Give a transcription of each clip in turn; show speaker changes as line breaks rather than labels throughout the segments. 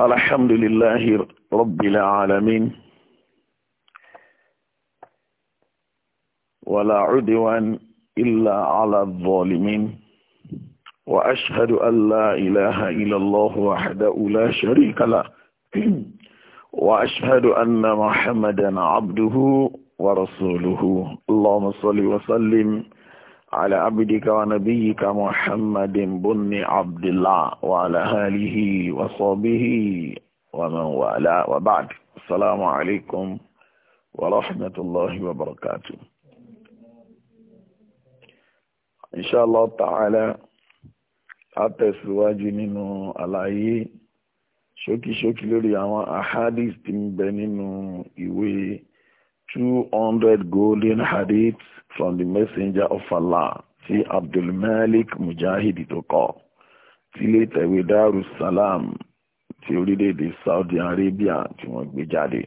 الحمد لله رب العالمين ولا عدوان إلا على الظالمين وأشهد أن لا إله إلا الله وحده لا شريك له وأشهد أن محمدا عبده ورسوله اللهم صل وسلم على عبدك ونبيك محمد بن عبد الله وعلى آله وصحبه ومن والاه وبعد السلام عليكم ورحمة الله وبركاته إن شاء الله تعالى àtẹ̀síwájú nínú علي ṣókíṣókí lórí àwọn أحاديث tí ń 200 golden hadiths from the messenger of Allah tí Abdulmalik Mujahid tó kọ tílé tẹ̀wé Salam, ti orílẹ̀-èdè Saudi Arabia tí wọ́n gbé jáde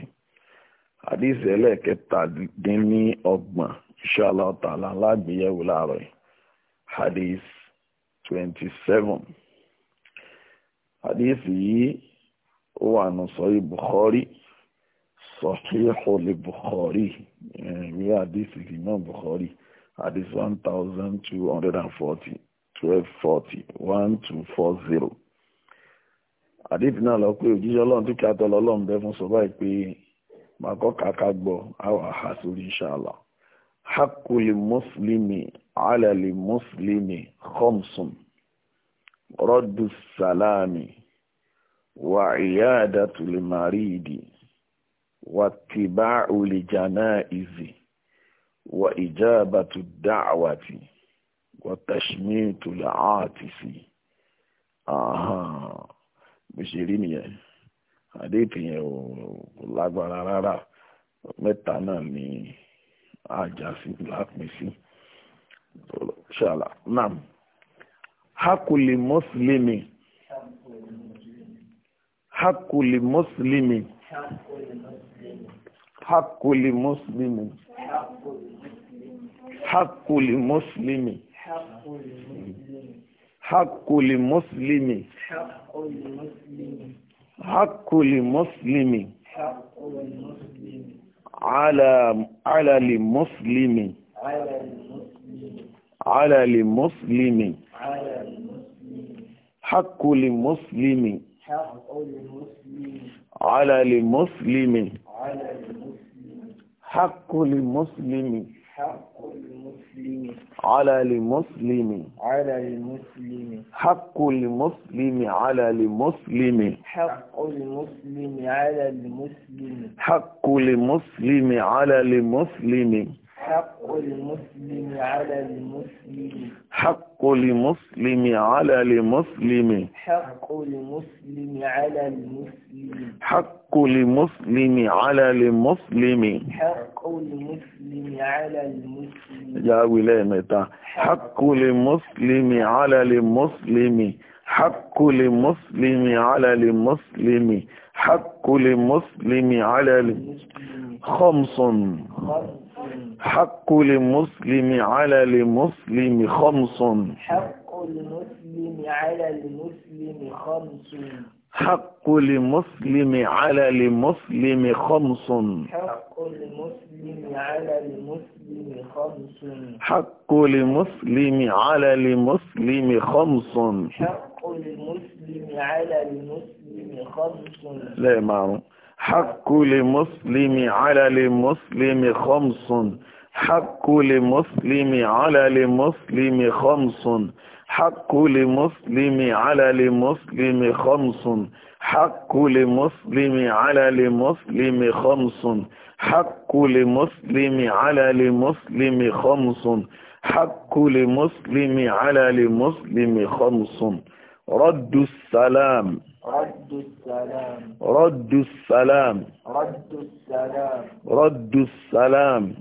hadith ẹlẹ́ẹ̀kẹtàdínní ọgbọ̀n inshallah ta'ala lágbéyẹ̀wò láàárọ̀ hadith 27 hadith yìí ó wà nù sọ Bukhari sọ̀híhù lè eh, bukhari ìwé àdìsí ìmọ̀ bukhari àdìsí one thousand two hundred and forty twelve forty one two four zero àdìsí náà lọ pé òjíṣẹ́ ọlọ́run tó kí atọ́ lọ́lọ́run bẹ́ fún sọ báyìí pé màá kọ́ kàkà gbọ́ àwọn àhà sórí inṣàlá hakuli muslimi alali muslimi khomsun rọ́dù sàlámì wà ìyá àdàtúlẹ̀ màríìdì. واتباع لجنائز وإجابة الدعوة وتشميت العاطف آها بشيرين hadith yẹn ò lágbára rárá mẹ́ta náà ni àjàsí lápin sí ṣàlà nam hakuli mùsùlùmí hakuli mùsùlùmí. حق لمسلم حق لمسلم حق لمسلم حق لمسلم على على لمسلم على لمسلم حق لمسلم حق لمسلم على لمسلم حق لمسلم على لمسلم على لمسلم حق لمسلم على لمسلم حق لمسلم على لمسلم حق لمسلم على لمسلم حق المسلم على المسلم حق المسلم على المسلم حق المسلم على المسلم حق المسلم على المسلم حق المسلم على المسلم يا ولاية حق المسلم على المسلم حق المسلم على المسلم حق المسلم على المسلم خمس خمس حق للمسلم على المسلم خمس حق المسلم على المسلم خمس حق للمسلم على المسلم خمس حق للمسلم على المسلم خمس حق للمسلم على المسلم خمس حق للمسلم على المسلم خمس لا معروف حق لمسلم على المسلم خمس حق لمسلم على المسلم خمس حق لمسلم على المسلم خمس حق لمسلم على المسلم خمس حق لمسلم على المسلم خمس حق لمسلم على المسلم خمس رد السلام رد السلام رد السلام رد السلام رد السلام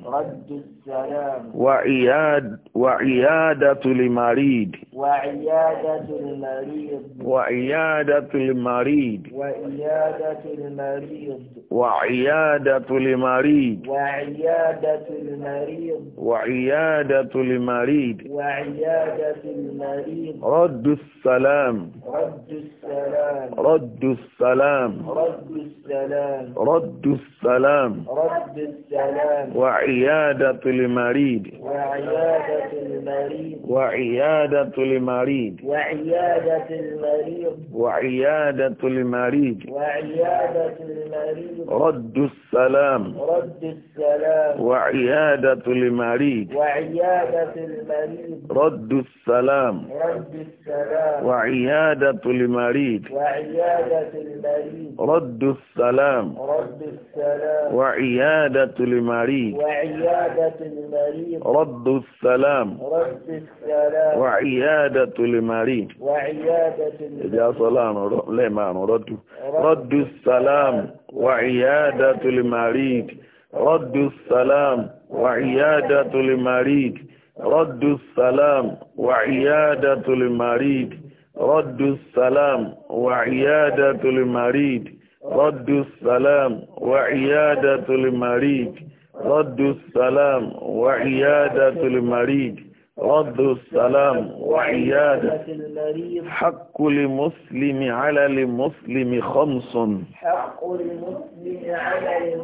وعياد وعيادة المريض وعيادة المريض وعيادة المريض وعيادة المريض وعيادة المريض وعيادة المريض وعيادة المريض وعيادة المريض رد السلام رد السلام رد السلام رد السلام رد السلام رد السلام وعيادة المريض وعيادة المريض وعيادة المريض وعيادة المريض وعيادة المريض وعيادة المريض رد السلام رد السلام وعيادة لمريض وعيادة المريض رد السلام رد السلام وعيادة لمريض وعيادة المريض رد السلام رد السلام وعيادة لمريض وعيادة رد السلام رد السلام وعيادة المريض وعيادة المريض يا سلام لا ما رد رد السلام وعيادة المريض رد السلام وعيادة المريض رد السلام وعيادة المريض رد السلام وعيادة المريض رد السلام وعيادة المريض رد السلام وعيادة المريض رد السلام وعيادة حق لمسلم على المسلم خمس حق لمسلم على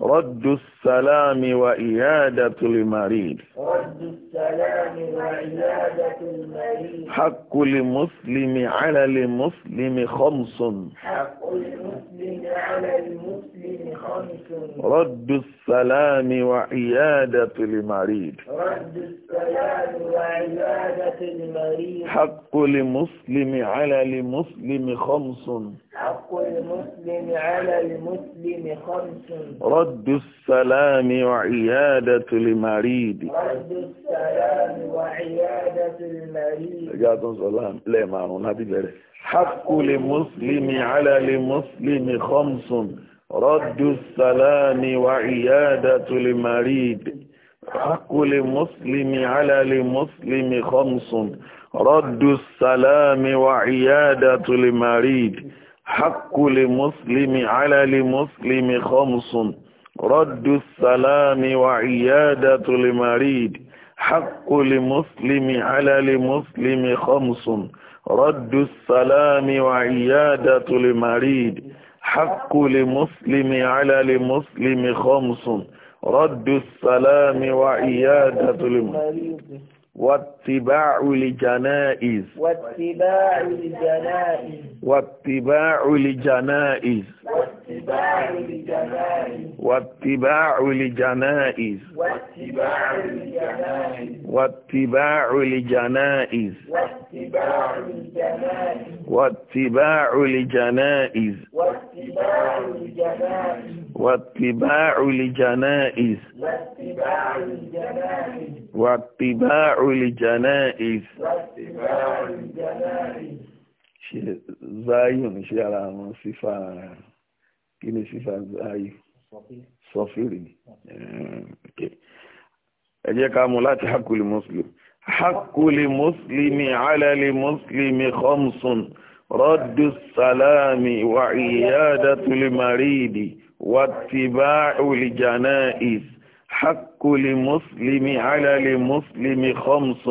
رد رد السلام وإيادة المريض رد السلام وإيادة المريض حق المسلم على المسلم خمس حق المسلم على المسلم خمس رد السلام وعيادة المريض رد السلام وعيادة المريض حق المسلم على المسلم خمس حق المسلم على المسلم خمس رد السلام وعيادة المريض رد السلام وعيادة المريض رجعت سلام لا معنا نبي بره حق المسلم على المسلم خمس رد السلام وعيادة المريض حق المسلم على المسلم خمس رد السلام وعيادة المريض حق لمسلم على لمسلم خمس رد السلام وعيادة المريض حق لمسلم على لمسلم خمس رد السلام وعيادة المريض حق لمسلم على لمسلم خمس رد السلام وعيادة المريض واتباع لجنائز واتباع لجنائز واتباع لجنائز واتباع لجنائز واتباع لجنائز واتباع لجنائز واتباع لجنائز واتباع لجنائز واتباع لجنائز واتباع الجنائز واتباع الجنائز زايون شي على من صفة كين صفة زاي صفيري آه، أجيك عملات حق للمسلم حق للمسلم على المسلم خمس رد السلام وعيادة المريض واتباع الجنائز حق كل مسلم على المسلم خمس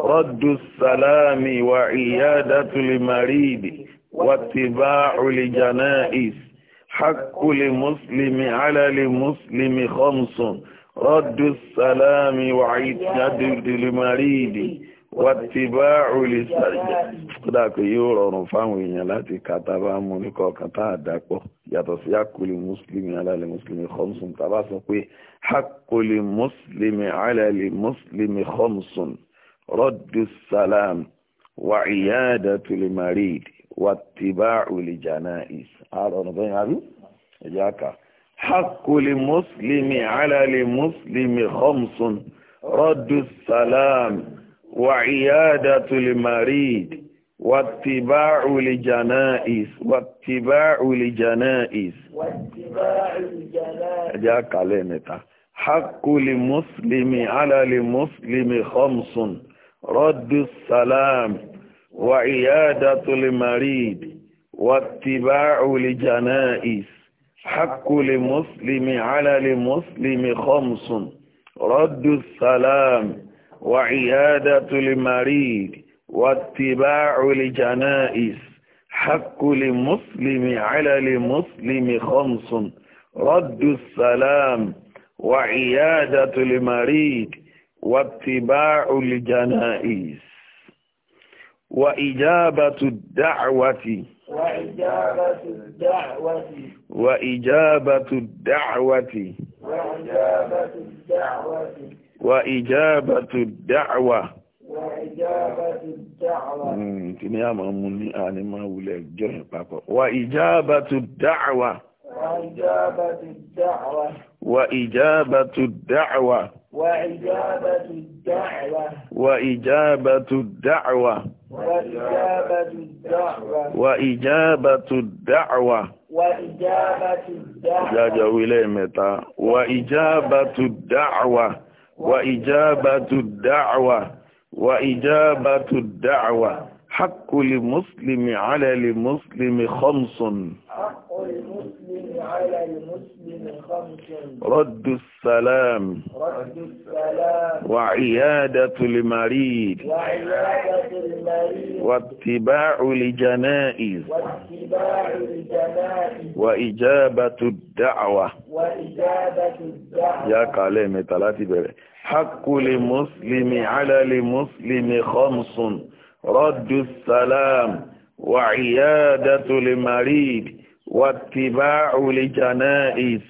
رد السلام وعيادة المريض واتباع الجنائز حق المسلم على المسلم خمس رد السلام وعيادة المريض wàtíbáàrù lè sàjá kódà pé yóò rọrùn fáwọn èèyàn láti kàtà bá mú ní kọ̀ọ̀kan tá àdápọ̀ yàtọ̀ sí àkólé mùsùlùmí alálẹ̀ mùsùlùmí khomsun tàbá sọ pé àkólé mùsùlùmí alálẹ̀ mùsùlùmí khomsun rọ́dù sàlám wà ìyáàdà tulè marid wàtíbáàrù lè jàná is rọ́dù sàlám. وعيادة المريض واتباع لجنائز واتباع لجنائز واتباع لجنائز جاك علينا حق لمسلم على المسلم خمس رد السلام وعيادة المريض واتباع لجنائز حق لمسلم على المسلم خمس رد السلام وعيادة المريض واتباع لجنائز حق لمسلم على لمسلم خمس رد السلام وعيادة المريض واتباع الجنائز وإجابة الدعوة وإجابة الدعوة وإجابة الدعوة وإجابة الدعوة wa ijabatu da'wa wa ijabatu da'wa mm kini ama mu ni ani ma wule join papo wa ijabatu da'wa wa ijabatu da'wa wa ijabatu da'wa wa ijabatu da'wa wa ijabatu da'wa wa ijabatu da'wa وإجابة الدعوة يا جويلي متى وإجابة الدعوة وإجابة الدعوة وإجابة الدعوة حق لمسلم على لمسلم خمس حق المسلم على المسلم خمس رد السلام رد السلام وعيادة المريض وعيادة المريض واتباع لجنائز واتباع وإجابة الدعوة وإجابة الدعوة يا كلمة ثلاثة بره حق لمسلم على لمسلم خمس رد السلام وعيادة لمريض واتباع لجنائز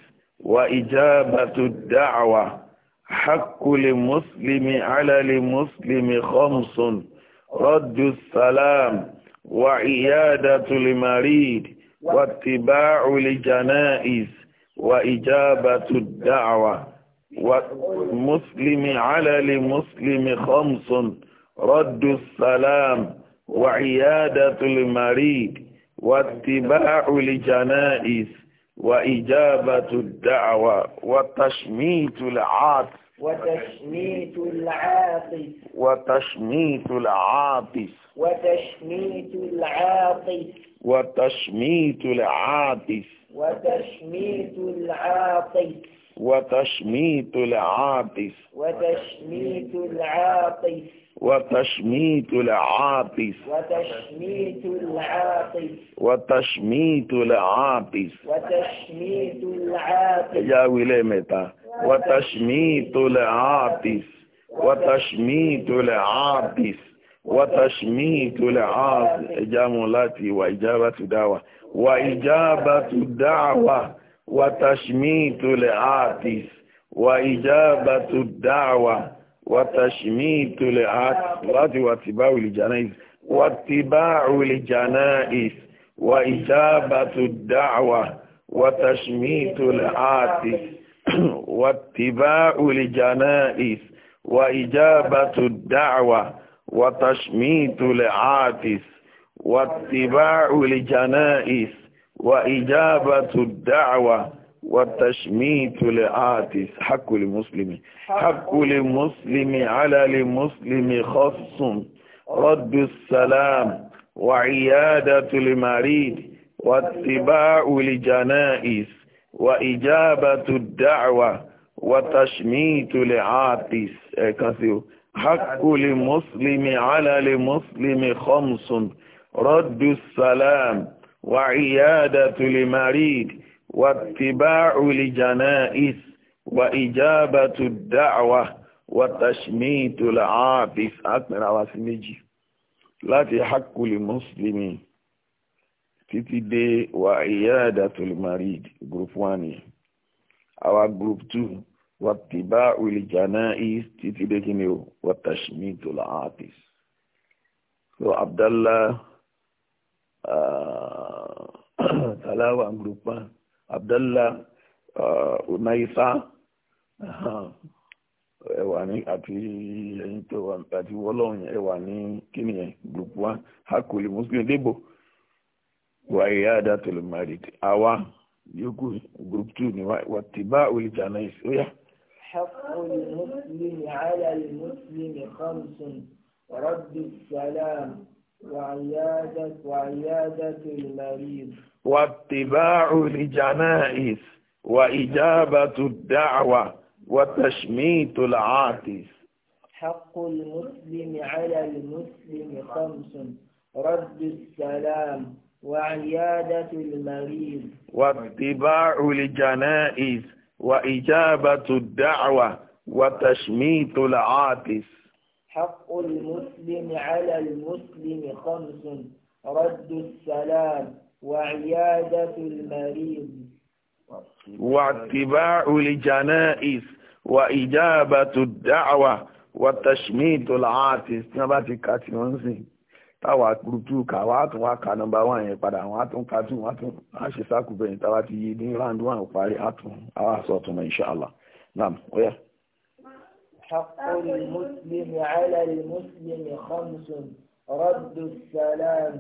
وإجابة الدعوة حق لمسلم على لمسلم خمس رد السلام وعيادة المريض واتباع لجنائز وإجابة الدعوة والمسلم على المسلم خمس رد السلام وعيادة المريض واتباع لجنائز وإجابة الدعوة وتشميت العاطف وتشميت العاطس وتشميت العاطس وتشميت العاطس وتشميت العاطس وتشميت العاطس وتشميت العاطس وتشميت العاطس وتشميت العاطس وتشميت العاطس وتشميت العاطس وتشميت العاطس يا ولي متى وتشميت العاطس وتشميت العاطس وتشميت العاطس جمع لاتي وإجابة دعوة وإجابة دعوة وتشميت العاطس وإجابة الدعوة وتشميت العاطس واتباع الجنائز واتباع الجنائز وإجابة الدعوة وتشميت العاطس واتباع لجنائس وإجابة الدعوة وتشميت لعاتس واتباع لجنائس وإجابة الدعوة والتشميت لآتس حق المسلم حق المسلم على المسلم خص رد السلام وعيادة المريض واتباع لجنائس وإجابة الدعوة وتشميت إيه كثير حق لمسلم على لمسلم خمس رد السلام وعيادة لمريد واتباع لجنائس وإجابة الدعوة وتشميت العاطس أكمل على سمجي لا تحق mùsùlùmí títí dé wà iyadatul marid group one yẹn àwa group two wà tìbá olùjànà is títí dé kí ni o wà tashmitul atis so abdallah uh, talawa group one abdallah uh, unaisa uh-huh. ẹwà ní àti ẹyin tó àti wọlọ́run ẹwà ní kí nìyẹn group one hakuli muslim débò. وعياده المريض اوا يقول جروب group واتباع ni ويا حق المسلم على المسلم خمس رد السلام وعيادة وعيادة المريض واتباع الجنائز وإجابة الدعوة وتشميت العاطس حق المسلم على المسلم خمس رد السلام وعيادة المريض واتباع الجنائز وإجابة الدعوة وتشميت العاطس حق المسلم على المسلم خمس رد السلام وعيادة المريض واتباع الجنائز وإجابة الدعوة وتشميت العاطس نباتي كاتي ونزين táwa kúrútù kà wá tún wá ka nọmba wá yẹn padà wọn á tún ka tún wọn tún á ṣe sákùbẹ̀ yìí táwa ti yí ní round one parí á tún á wà sọ tún mọ inṣàlá naam oya. حق المسلم على المسلم خمس رد السلام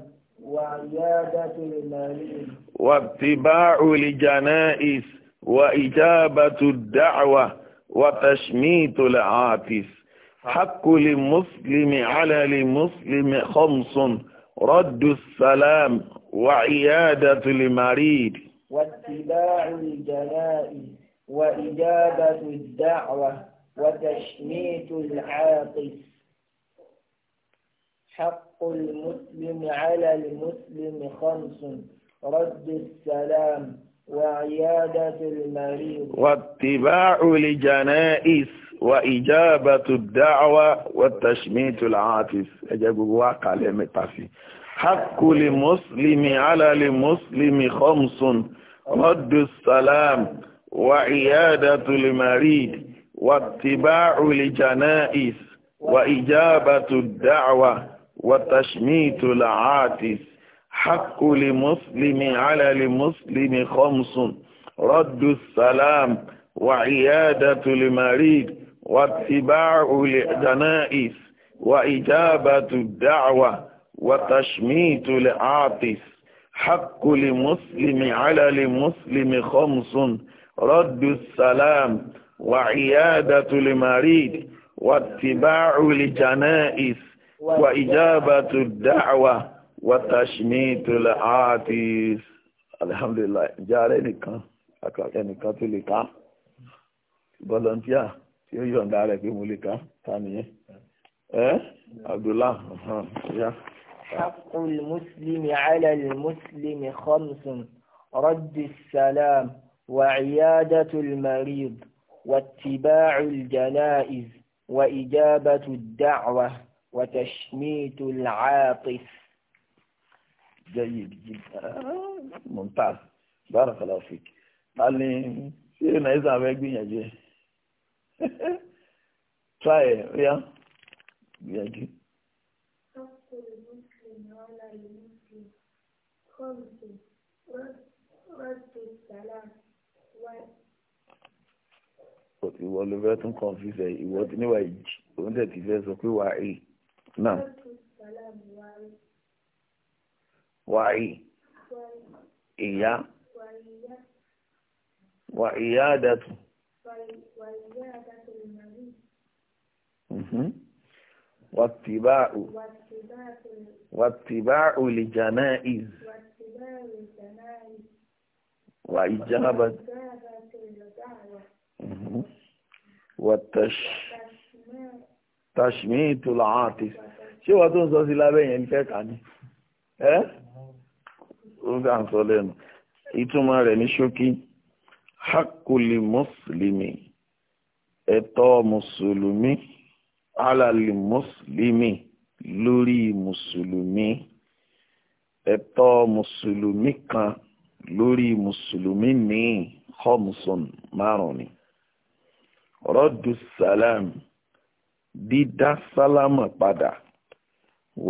وعيادة المريض واتباع الجنائز وإجابة الدعوة وتشميت العاطس حق للمسلم على المسلم خمس رد السلام وعيادة المريض واتباع الجنائز وإجابة الدعوة وتشميت العاطف حق المسلم على المسلم خمس رد السلام وعيادة المريض واتباع لجنائز وإجابة الدعوة والتشميت العاطف أجابوا واقع لمتافي حق لمسلم على لمسلم خمس رد السلام وعيادة المريض واتباع لجنائز وإجابة الدعوة وتشميت العاطف حق لمسلم على لمسلم خمس رد السلام وعيادة المريض واتباع الجنائز وإجابة الدعوة وتشميت العاطس حق لمسلم على لمسلم خمس رد السلام وعيادة المريض واتباع الجنائز وإجابة الدعوة وتشميت العاطس الحمد لله جاري نكان أكاك نكان تلك volunteer tí ó yọ̀ǹda rẹ̀ pé mo lè ká ta nìyẹn ẹ́ abdullah ya. حق المسلم على المسلم خمس رد السلام وعيادة المريض واتباع الجنائز وإجابة الدعوة وتشميت العاطف جيد جدا ممتاز بارك الله فيك قال لي سيرنا إذا بيجي try ẹ̀ ríá gbìyànjú. ìwọ ló fẹ́ tún confuse ẹ̀ ìwọ níwà ìjì òun tẹ̀ ti fẹ́ sọ pé wà á náà wà á ìyá wà ìyá àdàtù. واتباع واتباع لجنائز وإجابة والتشميت العاطس ṣé wọ́n tó ń sọ sí lábẹ́ yẹn fẹ́ kà ní ẹ́ ó gbà ń sọ lẹ́nu ìtumọ̀ rẹ̀ ní ṣókí hakuli mùsùlùmí ẹ̀tọ́ mùsùlùmí alali mùsùlùmí lórí mùsùlùmí ẹ̀tọ́ mùsùlùmí kan lórí mùsùlùmí ní homson márùn ni rọ́dù salam dídá sálámà padà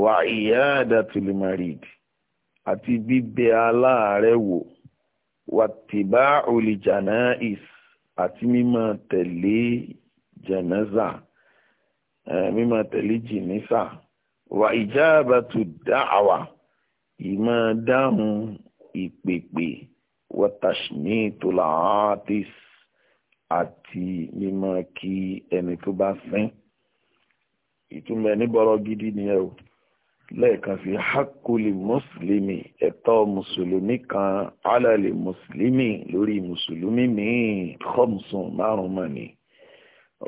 wà ìyá àdàtúlùmọ̀rìd àti bíbẹ̀ aláàárẹ̀ wò wàtíbá olìjànà is àti mímọ̀ tẹ̀lé jẹ̀nẹ́sà mímọ̀ tẹ̀lé jìnísà wà ìjáàbá tó dá àwà ìmọ̀ dáhùn ìpèpè wàtàṣìní tó làátìs àti mímọ̀ kí ẹni tó bá sìn ìtumọ̀ ẹni bọ̀rọ̀ gidi nìyẹn o lẹ́ẹ̀kan sí hakuli mùsùlùmí ẹ̀tọ́ mùsùlùmí kan alàlẹ̀ mùsùlùmí lórí mùsùlùmí míì khamsun márùn-ún mọ̀ ni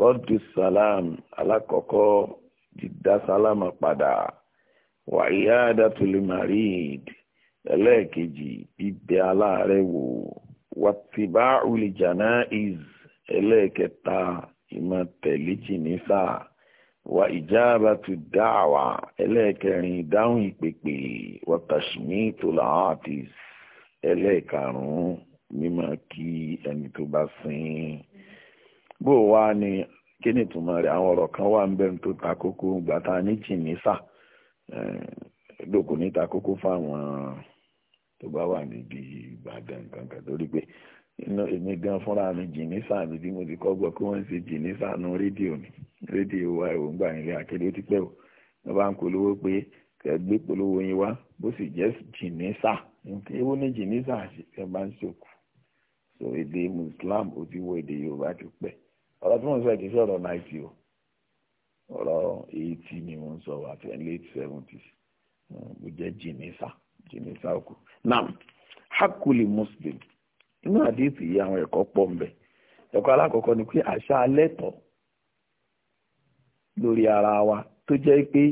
rọ́dù salam alákọ̀ọ́kọ́ dídá sálámà padà wàyí àdàtúlùmárìd ẹlẹ́ẹ̀kejì bíbẹ aláàárẹ̀ wò wàtíbá ulìjànà ìz ẹlẹ́ẹ̀kẹta ìmọ̀ tẹ̀lé jìnnìṣà wa ijabatu da'wa ẹlẹ́ẹ̀kẹrin ìdáhùn ìpèpè wa tashmitul aatis ẹlẹ́ẹ̀karùn-ún mímọ̀ kí ẹni tó bá sin bó wá ni kí ni ìtumọ̀ rẹ̀ àwọn ọ̀rọ̀ kan wà ń bẹ́ẹ̀ tó ta kókó gbàtà níjìnísà lókùn níta kókó fáwọn tó bá wà níbi ìgbàgbẹ́ nǹkan torí pé inú èmi gan fúnra mi jìnnìsà mi bí mo ti kọ́ gbọ́ pé wọ́n ń ṣe jìnnìsà nu rédíò mi rédíò wa èròǹgbà ilé akéde ó ti pẹ́ o ló bá ń polówó pé kẹgbẹ́ polówó yín wá bó sì jẹ́ jìnnìsà ewu ní jìnnìsà ẹ máa ń ṣòkù so èdè Islam ó ti wọ èdè Yorùbá ti pẹ́ ọ̀rọ̀ tí mo ń sọ kì í sọ̀rọ̀ náìtì o ọ̀rọ̀ eighty ni mo ń sọ àti late seventies mo jẹ́ jìnnìsà jìnnìsà òkú now hakuli muslim inú àdìsí yìí àwọn ẹ̀kọ́ pọ̀ ń bẹ ẹ̀kọ́ alákọ̀ọ́kọ́ ni pé àṣà alẹ́tọ̀ lórí ara wa tó jẹ́ pé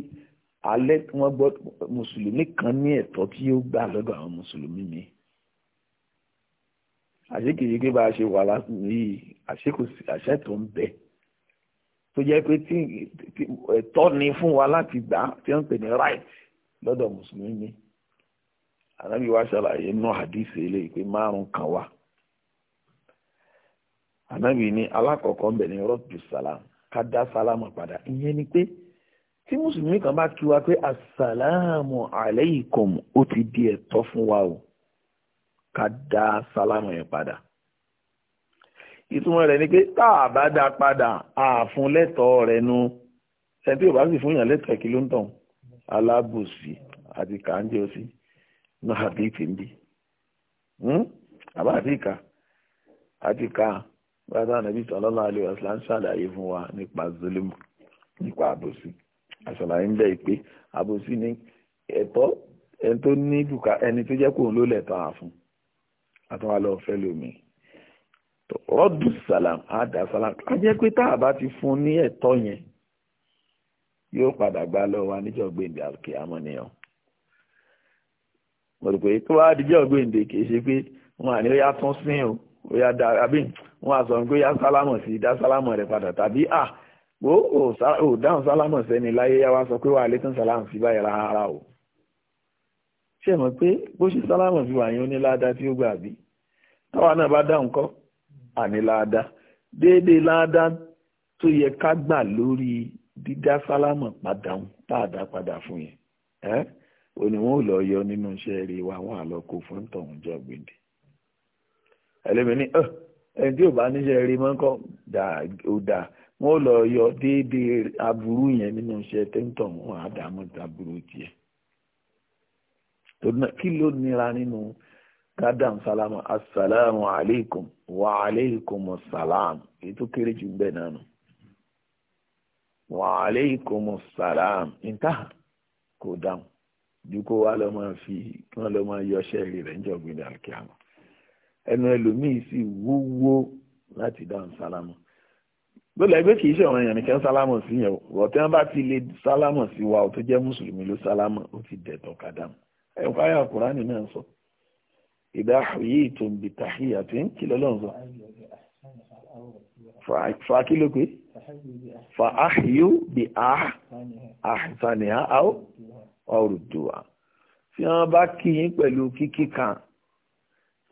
alẹ́ wọ́n gbọ́ mùsùlùmí kan ní ẹ̀tọ́ tí ó gbà lọ́dọ̀ àwọn mùsùlùmí mi àṣekèyí pé bá a ṣe wà lásìkò àṣekòsí àṣẹ tó ń bẹ tó jẹ́ pé tí ẹ̀tọ́ ni fún wa láti gbà tí wọ́n pè ní right lọ́dọ̀ mùsùlùmí mi ànábì wa ṣàlàyé inú àdìsí eléyìí pé márùn kan wà ànábì ní alákọ̀ọ́kọ́ ń bẹ̀ ní rọ́bì sàlám ká dá sálámù padà ìyẹn ni pé tí mùsùlùmí kan bá kí wa pé asàlámù aláìkùm ó ti di ẹ̀tọ́ fún wa o ká dá sálámù yẹn padà ìtumọ̀ rẹ̀ ni pé tá a bá dá padà àfun lẹ́tọ̀ọ́ rẹ̀ nu ṣẹ́ntì ò bá sì fún yàn lẹ́tọ̀ọ́ kí ló ń tàn alábòsí àti kàńjẹ́ òsì náà àbí ìpínbí hmm? àbá àti ìka àti ìka. bàbá ànàbí sallallahu alaihi wasallam ń ṣàlàyé fún wa nípa zolimu nípa àbòsí àṣàlàyé ń bẹ̀ pé àbòsí ni ẹ̀tọ́ ẹni tó ní bùkà ẹni tó jẹ́ kóun ló lẹ̀tọ́ àfún àtúnwá lọ fẹ́ lómi rọ́dù sàlám sàlám a jẹ́ pé tá a bá ti fún ní ẹ̀tọ́ yẹn yóò padà gbá lọ wa níjọ́ gbèǹdé àlùkè àmọ́nìyàn mo rò pé tó gbèǹdé kì í ṣe pé wọn bóyá dá àbí wọ́n á sọ pé yá sálámọ̀ sí dá sálámọ̀ rẹ̀ padà tàbí à ó ò dáhùn sálámọ̀ sẹ́ni láyé yá wá sọ pé wà á létún sálámọ̀ sí báyìí rárá o ṣe mọ̀ pé bó ṣe sálámọ̀ fi wà yín oníláàdá tí ó gbà bí táwa náà bá dáhùn kọ́ àníláàdá déédéé láàdá tó yẹ ká gbà lórí dídá sálámọ̀ padà ń tààdá padà fún yẹn ẹ́ òní wọn ò lọ yọ nínú iṣẹ́ rí wa wọn àlọ́ kó fún tọ̀hún jọ gbèdé ẹlẹ́mi ní ẹni tí ò bá níṣẹ́ rí mọ́ kọ́ dà ó dà wọ́n lọ yọ déédéé aburú yẹn nínú iṣẹ́ tẹ́ńtọ̀ wọn àdàmú aburú tiẹ̀ kí ló nira nínú kádàm sálámù asàlámù aleikum wà aleikum sàlám èyí tó kéré jù bẹ́ẹ̀ náà wà aleikum sàlám ìntàhà kò dáhùn ju kó lọ́ máa fi wọ́n lọ́ máa yọ ṣẹ́ẹ̀rì rẹ̀ ń jọ̀gbìn dàrú kí a mọ̀ ẹnu ẹlòmíì sì wúwo láti dáhùn sálámù gbọ́dọ̀ ẹgbẹ́ kìí ṣe ọ̀ràn èèyàn nìkan sálámù sí yẹn wọ́n tí wọ́n bá ti lè sálámù sí wa tó jẹ́ mùsùlùmí ló sálámù ó ti dẹ̀tọ̀ kàdámù ẹ̀kọ́ ayé àkùránì náà sọ ìdá yìí tó ń bi tàhíyà tí ń kí lọ́lọ́run sọ fa kí ló pé fa áhìyó bi àhìsànìyà áó ọrùdùwà tí wọ́n bá kí yín pẹ̀lú kíkí kan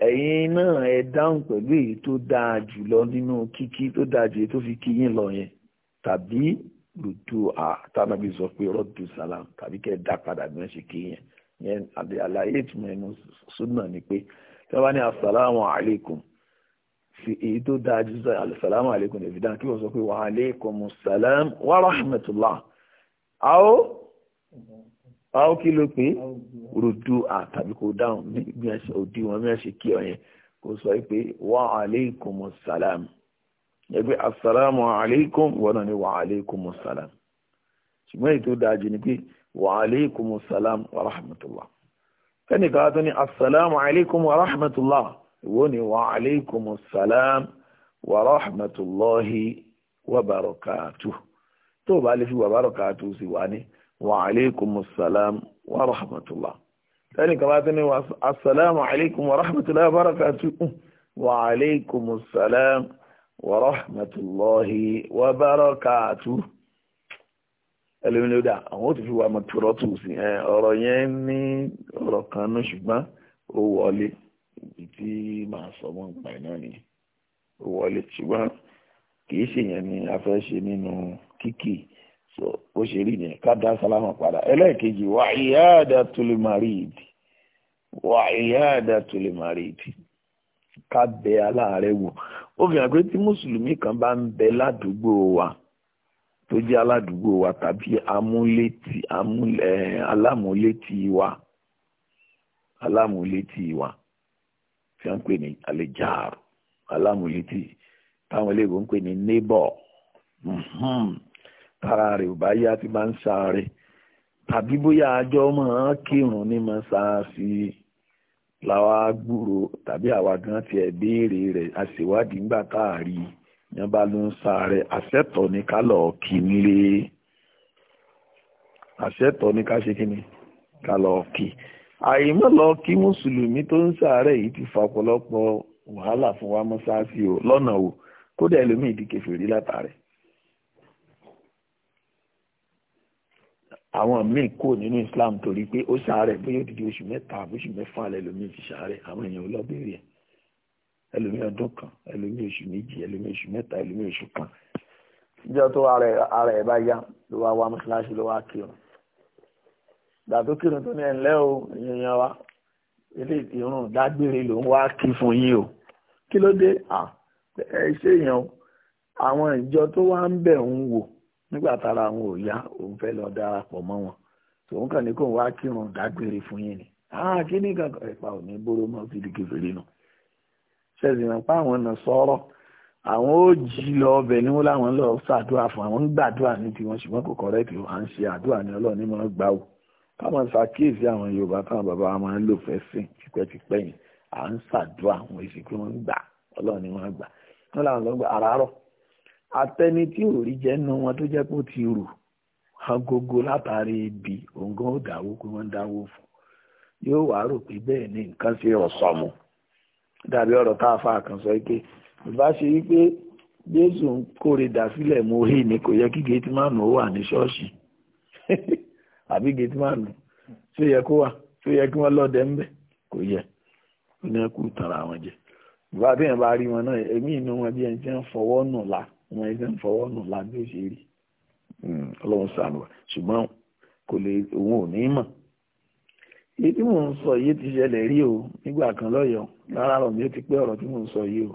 ẹ̀yin náà ẹ dáhùn pẹ̀lú èyí tó dáa jùlọ nínú kíkí tó dáa jù èyí tó fi kí yín lọ yẹn tàbí lùdú à tánàbí sọ pé rọ́dù sàlám tàbí kẹ́ ẹ dá padà bí wọ́n ṣe kí yẹn yẹn àbí àlàyé ìtumọ̀ ẹnu súnà ni pé tí wọ́n bá ní asàlámù àlékún sí èyí tó dáa jù sọ asàlámù àlékún lè dáhùn kí wọ́n sọ pé wa alaykumus salam àwọn kí ló pé rodo àtàbí kò dáhùn bí wọ́n ṣe òdi wọn bí wọ́n ṣe kí ọ yẹn kò sọ pé wa aleikum salam ẹgbẹ́ assalamu aleikum wọ́n náà ni wa aleikum salam ṣùgbọ́n èyí tó dáa jù ni pé wa aleikum salam wa rahmatullah kẹ́nìkan tó ní assalamu aleikum wa ìwọ ni wa aleikum salam wa rahmatullahi tó bá lè fi wa sí wa ní. وعليكم السلام ورحمة الله. rahmatullah tẹ́lẹ̀ kan عليكم ورحمة الله assalamu وعليكم السلام ورحمة الله وبركاته. wa alaykumus salam wa rahmatulahi wa barakatuhu ẹlẹ́mìnì ó dà àwọn ó ti fi wà mọ̀ tòrọ́ tù sí ẹ ọ̀rọ̀ yẹn ní ọ̀rọ̀ kan náà ṣùgbọ́n ó wọlé ibi tí màá sọ mọ́ nípa iná nìyẹn ó wọlé ṣùgbọ́n kì í ṣèyẹn ni a fẹ́ ṣe nínú kíkì so ó ṣe rí nìyẹn ká dá sálámà padà ẹlẹ́ẹ̀kejì wà iyadatul marid wà iyadatul marid ká bẹ aláàárẹ̀ wò ó fi hàn pé tí mùsùlùmí kan bá ń bẹ ládùúgbò wa tó jẹ́ aládùúgbò wa tàbí amúlétì amúlẹ̀ eh, alámúlétì wa alámúlétì wa fi hàn pé ní àlejáàrò alámúlétì táwọn eléyìí ń pè ní neighbor. Mhm. tara rẹ̀ ò bá yá tí bá ń tàbí bóyá àjọ máa kírun ní mọ́ṣáláṣí làwa gbúrò tàbí àwa gan tiẹ̀ béèrè rẹ̀ ńgbà tá a rí yẹn bá ló ń ní ká lọ n ní ká ṣe kí mùsùlùmí tó ń yìí ti ọ̀pọ̀lọpọ̀ wàhálà fún wa lọ́nà o kódà ẹlòmíì àwọn míì kò nínú Islam torí pé ó ṣàárẹ̀ bóyá òdìdí oṣù mẹ́ta oṣù mẹ́fà lẹ́lòmíì ti ṣàárẹ̀ àwọn èèyàn olóbèrè ẹlòmíì ọdún kan ẹlòmíì oṣù méjì ẹlòmíì oṣù mẹ́ta ẹlòmíì oṣù kan ìjọ tó ara ẹ̀ bá yá ló wá wá mọ́ṣáláṣí ló wá kírun ìgbà tó kírun tó ní ẹ̀ńlẹ́ o èèyàn wa ilé ìrùn dágbére ló ń wá kí fún yín o kí ló dé ẹ ṣe èèyàn àwọn ìjọ tó wá ń bẹ̀ ń nígbà tára àwọn ò yá òun fẹ́ lọ darapọ̀ mọ́ wọn tòun kàn ní kò wá kírun dágbére fún yín ni ah, kí ní kankan ẹ̀pà ò ní bóró mọ́ fìdíkìfìrí nù ṣẹ̀sìn náà pa àwọn náà sọ̀rọ̀ àwọn ó jí lọ ọbẹ̀ ni wọ́n láwọn lọ ṣàdúrà fún àwọn ń gbàdúrà ní tiwọn ṣùgbọ́n kò kọ́rẹ́tì à ń ṣe àdúrà ní ọlọ́ọ̀ni máa gbà wò káwọn ṣàkíyèsí àwọn Yorùbá táwọn bàbá wa máa ń lò fẹ́ sìn tipẹ́tipẹ́ yìí à ń ṣàdúrà àwọn èsì pé wọ́n gbà ọlọ́ọ̀ni wọ́n gbà wọ́n láwọn lọ gbà àràárọ̀ atẹni tí ò rí jẹ́ nu wọn tó jẹ́ pé ó ti rù agogo látàrí ibi òǹgàn ó dáwó pé wọ́n ń dáwó fún yóò wá rò pé bẹ́ẹ̀ ni nǹkan ṣe ọ̀sọ̀mù dàbí ọ̀rọ̀ tá a fa àkàn sọ pé ìbá ṣe wípé jésù ń kórè dásílẹ̀ mú orí ni kò yẹ kí gẹ́tìmánù ó wà ní ṣọ́ọ̀ṣì àbí gẹ́tìmánù tó yẹ kó wà tó yẹ kí wọ́n lọ́dẹ ń bẹ̀ kò yẹ ó ní ẹkú tara wọn jẹ ìbá tí yẹn bá rí wọn náà èmi inú wọn bí ẹni tí fọwọ́ nù la. ọmọ ẹgbẹ́ ń fọwọ́ nù lábí òṣèré hmm, ọlọ́run sànù ṣùgbọ́n kò lè òun ò ní mọ̀ èyí tí mò ń sọ yìí ti ṣẹlẹ̀ rí o nígbà kan lọ́yọ̀ọ́ lára ọ̀rọ̀ mi ó ti pé ọ̀rọ̀ tí mò ń sọ yìí o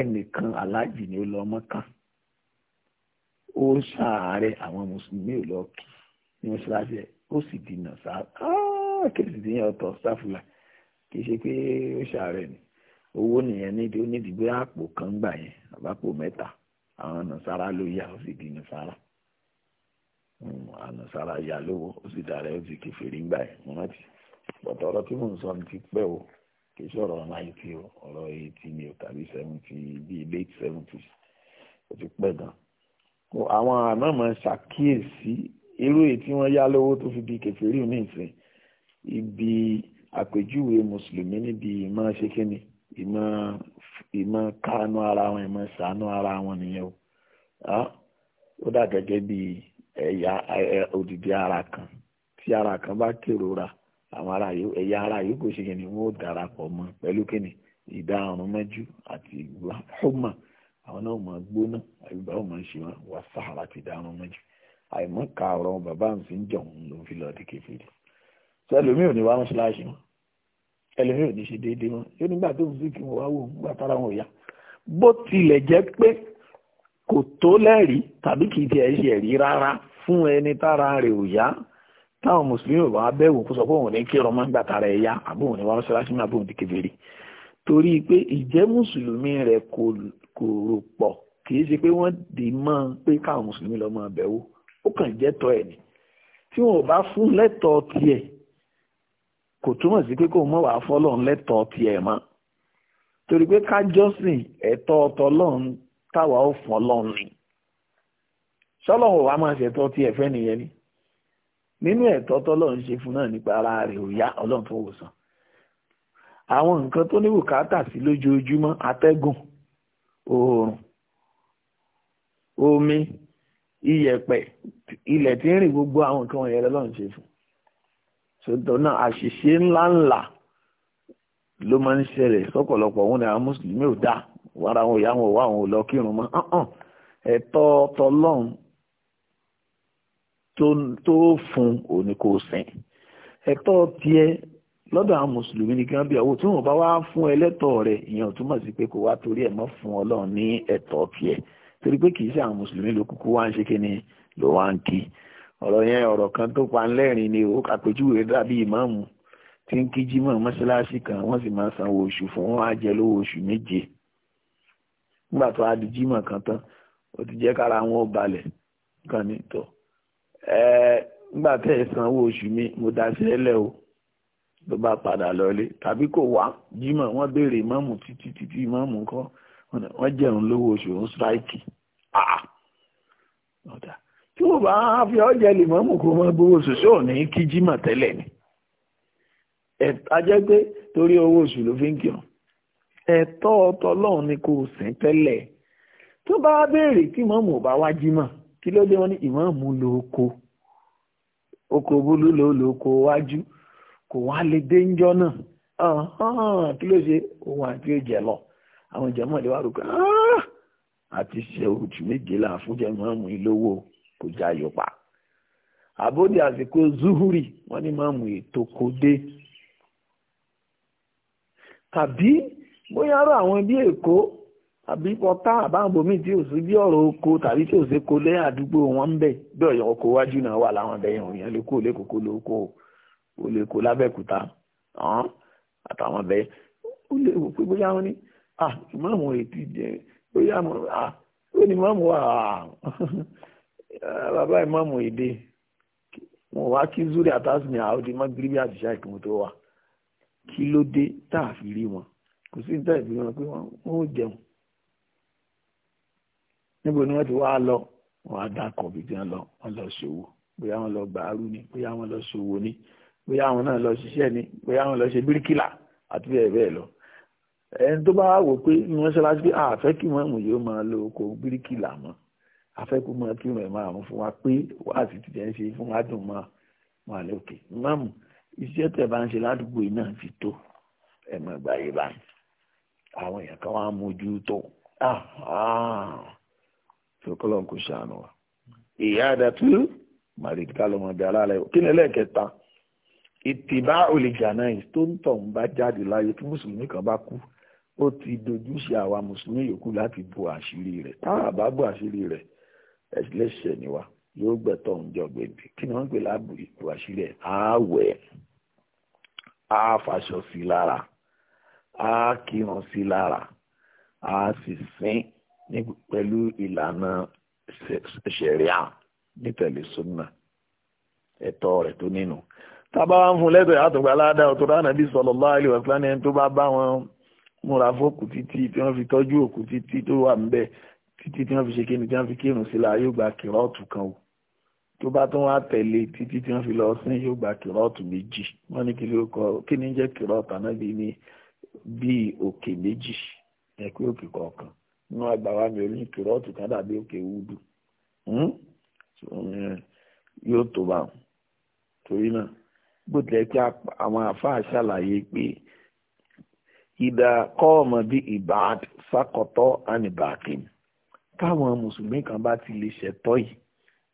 ẹnìkan aláàjì ni ó lọ ọmọ kan ó ń ṣàárẹ̀ àwọn mùsùlùmí ò lọ kí ní mọ́ṣáláṣí ẹ̀ ó sì dìnà sáà kí ó sì dìyàn ọ̀tọ̀ sáfùlà kì í ṣe pé ó ṣàárẹ̀ ni owó nìyẹn nídìí ó nídìí gbé àpò kan gbà yẹn àbápò mẹ́ta àwọn nàṣàrà ló yá ó sì di nàṣàrà hmm, ànàṣàrà yà lówó ó sì dàrẹ́ ó sì kẹfìrí gbà yẹn mo rántí bọ̀tọ̀ ọ̀rọ̀ tí mò ń sọ ní ti pẹ́ o kì í sọ̀rọ̀ náìtì o ọ̀rọ̀ eighty ni o tàbí seventy bíi late seventies ó ti pẹ́ gan àwọn àná máa ṣàkíyèsí irú èyí tí wọ́n yá lówó tó fi di kẹfìrí ní ìsìn ibi àpèjúwe mùsùlùmí níbi máa ṣe kíni ìmọ̀ ìmọ̀ kánú ara wọn ìmọ̀ sànú ara wọn nìyẹn o ó dà gẹ́gẹ́ bí ẹ̀yà òdìdí ara kan tí ara kan bá kérora àwọn ara yìí ẹ̀yà ara yìí kò ṣe kí ni wọ́n ó darapọ̀ mọ́ pẹ̀lú kí ni ìdá ọ̀run mẹ́jú àti ìgbà ọmọ àwọn náà mọ̀ gbóná àyùbá ọmọ ṣe wọn wà sàrà ti dá mẹ́jú àìmọ́ ka ọ̀rọ̀ bàbá mi fi ń jọ̀ ń lò fi lọ́ọ́ di kékeré sẹ́lómi ò ní wá mọ́ṣáláṣí wọn ẹlẹ́rìí òní ṣe déédéé wọn yóò nígbà tó ń zikí wọn wá wò nígbà tára wọn yá bó tilẹ̀ jẹ́ pé kò tó lẹ́rìí tàbí kì í tiẹ̀ ṣe ẹ̀rí rárá fún ẹni tára rẹ̀ ò yá táwọn mùsùlùmí ò bá bẹ̀wò kó sọ pé òun ní kírun máa ń gbà tára ẹ̀ yá àbóhùn ní wàá mọ́ṣáláṣí máa bóhùn ti kékeré torí pé ìjẹ́ mùsùlùmí rẹ̀ kò rò pọ̀ kì í ṣe pé wọ́n dì mọ́ pé káwọn mùsùlùmí lọ́ máa bẹ̀wò ó kàn jẹ́ tọ́ ẹ̀ ni tí wọn ò bá fún lẹ́tọ̀ọ́ tiẹ̀ kò túmọ̀ sí pé kò mọ̀ wá fọ́lọ́run lẹ́tọ̀ọ́ tiẹ̀ mọ́ torí pé kájọ́sìn ẹ̀tọ́ ọ̀tọ̀lọ́run táwa ó fún ọlọ́run ni sọ́lọ́run wa máa ṣẹ̀tọ́ tiẹ̀ fẹ́ nìyẹn ni nínú ẹ̀tọ́ tọ́lọ́run ṣe fún náà nípa ara rẹ̀ ò yá ọlọ́run tó wò sàn àwọn nǹkan tó ní bùkátà sí lójoojúmọ́ atẹ́gùn oòrùn omi iyẹ̀pẹ̀ ilẹ̀ tí ń rìn gbogbo àwọn nǹkan wọ̀nyẹn lọ́lọ́run ṣe fún sọ́tọ̀ náà àṣìṣe ńláńlá ló máa ń ṣẹlẹ̀ sọ́pọ̀lọpọ̀ wọn ni àwọn mùsùlùmí ò dáa wàrà àwọn ìyá wọn ò wá àwọn ò lọ kírun mọ́ ẹ̀tọ́ tọlọ́run tó fún òní kò sìn ẹ̀tọ́ tiẹ̀ lọ́dọ̀ àwọn mùsùlùmí ní kí wọ́n bí ọwọ́ tí wọ́n bá wá fún ẹlẹ́tọ̀ọ́ rẹ̀ ìyẹn ò túmọ̀ sí pé kò wá torí ẹ̀ mọ́ fún ọlọ́run ní ẹ̀tọ́ tiẹ̀ torí pé kì í ṣe àwọn mùsùlùmí ló kúkú wá ń ṣe kí ni ló wá ń kí ọ̀rọ̀ yẹn ọ̀rọ̀ kan tó pa ńlẹ́rìn ni ó kàpéjúwe dàbí ìmáàmù tí ń kí jímọ̀ mọ́ṣáláṣí kan wọ́n sì máa sanwó oṣù fún wọn á jẹ lówó oṣù méje nígbà tó a di jímọ̀ kan tán ó ti jẹ́ kára wọn ó balẹ̀ kan ní tọ́ ẹ nígbà tẹ́ ẹ sanwó oṣù mi mo daṣẹ́ lẹ̀ o ló bá padà lọlé tàbí kò wá jímọ̀ wọ́n béèrè ìmáàmù títí títí ìmáàmù kọ́ wọ́n jẹun lówó oṣù ń ṣáìkì tí wọ́n bá fi ọjẹ́ lèmọ́mù kó mọ́ gbowó oṣù sí òní kí jímọ̀ tẹ́lẹ̀ ni ajẹ́ pé torí owó oṣù ló fi ń kírun ẹ̀tọ́ ọ̀tọ̀ ọlọ́run ni kò sìn tẹ́lẹ̀ tó bá béèrè tí mọ́mù ò bá wá jímọ̀ kí ló dé wọn ní ìmọ̀ọ́mù lo oko oko búlú ló lo oko wájú kò wá lè dé ńjọ́ náà kí ló ṣe òun àti òjẹ̀ lọ àwọn ìjẹ́mọ̀ lè wá rò àti ṣe òtù méje láàfúnjẹ́ mọ́mù ìlówó o kò já yọpa àbódì àsìkò zuhuri wọ́n ní máa mú ètò kò dé tàbí bóyá rọ àwọn bí èkó àbí pọtá àbáǹbòmí tí ò sí bí ọ̀rọ̀ oko tàbí tí ò sí kó lé àdúgbò wọn ń bẹ bí ọyọ ọkọ wájú náà wà láwọn abẹyẹ òyìn lè kó lẹkọọ kó lóko ó lè kó lábẹ́kúta àtàwọn abẹyẹ ó lè wò pé bóyá wọ́n ní ah ìmọ̀ọ́mù ètí jẹ bóyá ah ó ní mọ̀ọ́mù wà ah Eh, bàbá ìmọ̀mù èdè wọn wá kí zuri àtàsìmí àwòdì mọ́gíríbí àtìṣà ìkùn tó wà kí ló dé tá a fi rí wọn kò sí níta ìbí wọn pé wọn ò jẹun níbo ni wọn ti wá lọ wọn á dá kọ̀ọ̀bì tí wọn lọ wọn lọ ṣòwò bóyá wọn lọ gbàárù ni bóyá wọn lọ ṣòwò ni bóyá àwọn náà lọ ṣiṣẹ́ ni bóyá àwọn lọ ṣe bíríkìlà àti bẹ́ẹ̀ bẹ́ẹ̀ lọ ẹni tó bá wò pé ní pé àfẹ́ kí wọ́n mú yóò máa lo oko bíríkìlà mọ́ afẹ́kùnmọ́ kírun ẹ̀ máa fún wa pé wáàsí ti jẹ́ ń ṣe fún adùn mọ́ wọn àlẹ́ òkè ìmáàmù iṣẹ́ tẹ̀ bá ń ṣe ládùúgbò yìí náà ti tó ẹ̀ mọ̀ ìgbà yìí báyìí àwọn èèyàn kan wá mójú tó sọkọlọ ah, ah. kò ṣàánú wa ìyá àdàtú màrí kálọmọdé alálẹ kí ni ẹlẹ́ẹ̀kẹta ìtìbá olùjànà tó ń bá jáde láyé tí mùsùlùmí kan bá kú ó ti dojúṣe àwa mùsùlùmí yòókù láti bo àṣírí rẹ̀ tá a bá bo àṣírí rẹ̀ ẹlẹ́ṣẹ̀ ni wá yóò gbẹ̀tọ̀ ǹjọ́ gbèdì kí ni wọ́n ń pè láàbùrì ìwàṣírí ẹ̀ àwẹ̀ á faṣọ sí lára á kírun sí lára á sì sín pẹ̀lú ìlànà ṣẹ̀ríà nítẹ̀lé súnà ẹ̀tọ́ rẹ̀ tó nínú tábà wá ń fún lẹ́tọ̀ọ́ àtùgbà aládàá ọ̀tọ̀ dáná bí sallallahu alaihi wasallam tó bá bá wọn múra fókù títí tí wọ́n fi tọ́jú òkú títí tó wà ń bẹ́ẹ̀ títí tí wọ́n fi ṣe kí tí wọ́n fi kírun sí la yóò gba kìrọ́ọ̀tù kan o tó bá tún wá tẹ̀lé títí tí wọ́n fi lọ sí yóò gba kìrọ́ọ̀tù méjì wọ́n ní kí ló kọ kí ni jẹ́ kìrọ́ọ̀tù ànábì ní bíi òkè méjì ẹ̀kọ́ òkè kọ̀ọ̀kan nínú àgbà wa mi ò ní kìrọ́ọ̀tù kan dàbí òkè wúdù hmm? eh, yóò tó bá wọn torí náà bó tilẹ̀ pé àwọn àfáà ṣàlàyé pé ìdá kọ́ ọmọ bíi ìbàd sákọ̀tọ̀ ànìbàkìn káwọn mùsùlùmí kan bá ti lè ṣẹ̀tọ́ yìí